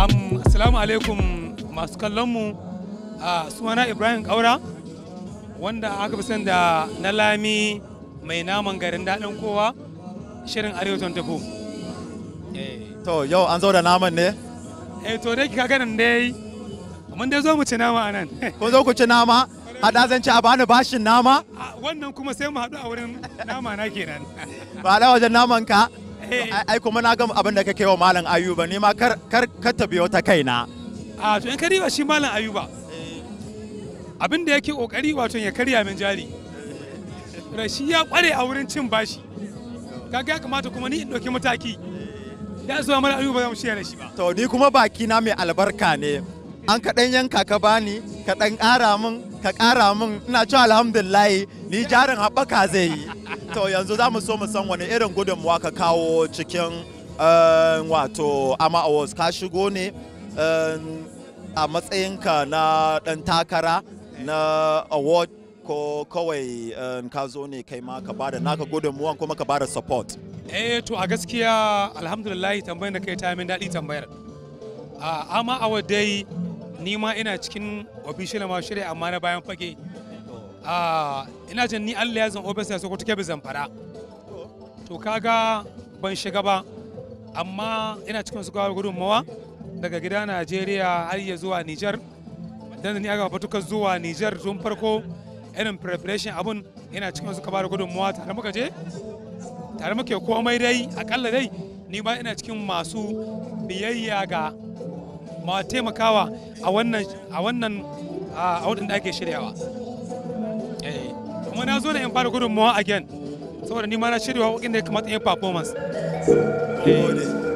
Assalamu alaikum masu kallonmu a suna Ibrahim Kaura wanda aka fi san da na lami mai naman garin daɗin kowa shirin arewacin 24. Eh, to yau an zo da naman ne? Eh to dai ganin dai mun dai zo mu ci nama a nan ko zo ku ci nama haɗa zan ci a bani bashin nama wannan kuma sai mu haɗu a wurin nama na kenan ba da wajen naman ka eh. ai kuma na gama abin da kake wa malam ayuba ni ma kar kar ta biyo ta kaina a to in ka riba shi malam ayuba eh. abin da yake kokari wato ya karya min jari Rashi ya kware a wurin cin bashi kaga ya kamata kuma ni in ɗauki mataki eh. ya zuwa malam ayuba zan shi da shi ba to ni kuma baki na mai albarka ne an ka ɗan yanka ka bani ka ɗan ƙara min ka ƙara min ina cewa alhamdulillahi ni jarin haɓaka zai yi to yanzu za mu so mu san wani irin gudunmuwa ka kawo cikin eh, wato ama awards ka shigo ne eh, a matsayinka na ɗan takara na award ko kawai eh, ka zo ne kai ma ka bada naka gudunmuwan kuma ka bada support eh to a gaskiya alhamdulillah tambayar da kai ta min daɗi tambayar amma awa dai ni ma ina cikin official ma shirya amma na bayan fage ah, ina jin ni Allah ya zan ofisa so ko take bizan fara to kaga ban shiga ba amma ina cikin su gudun mawa daga gida Najeriya har ya zuwa Niger dan ni aka fatukar zuwa Niger tun farko irin preparation abun ina cikin su gudun mawa tare muka je tare muke komai dai akalla dai ni ba ina cikin masu biyayya ga ma taimakawa a wannan a wannan a wadin da ake shiryawa eh kuma na zo da in fara gudunmawa again saboda ni ma na shirya wakokin da ya kamata in performance eh.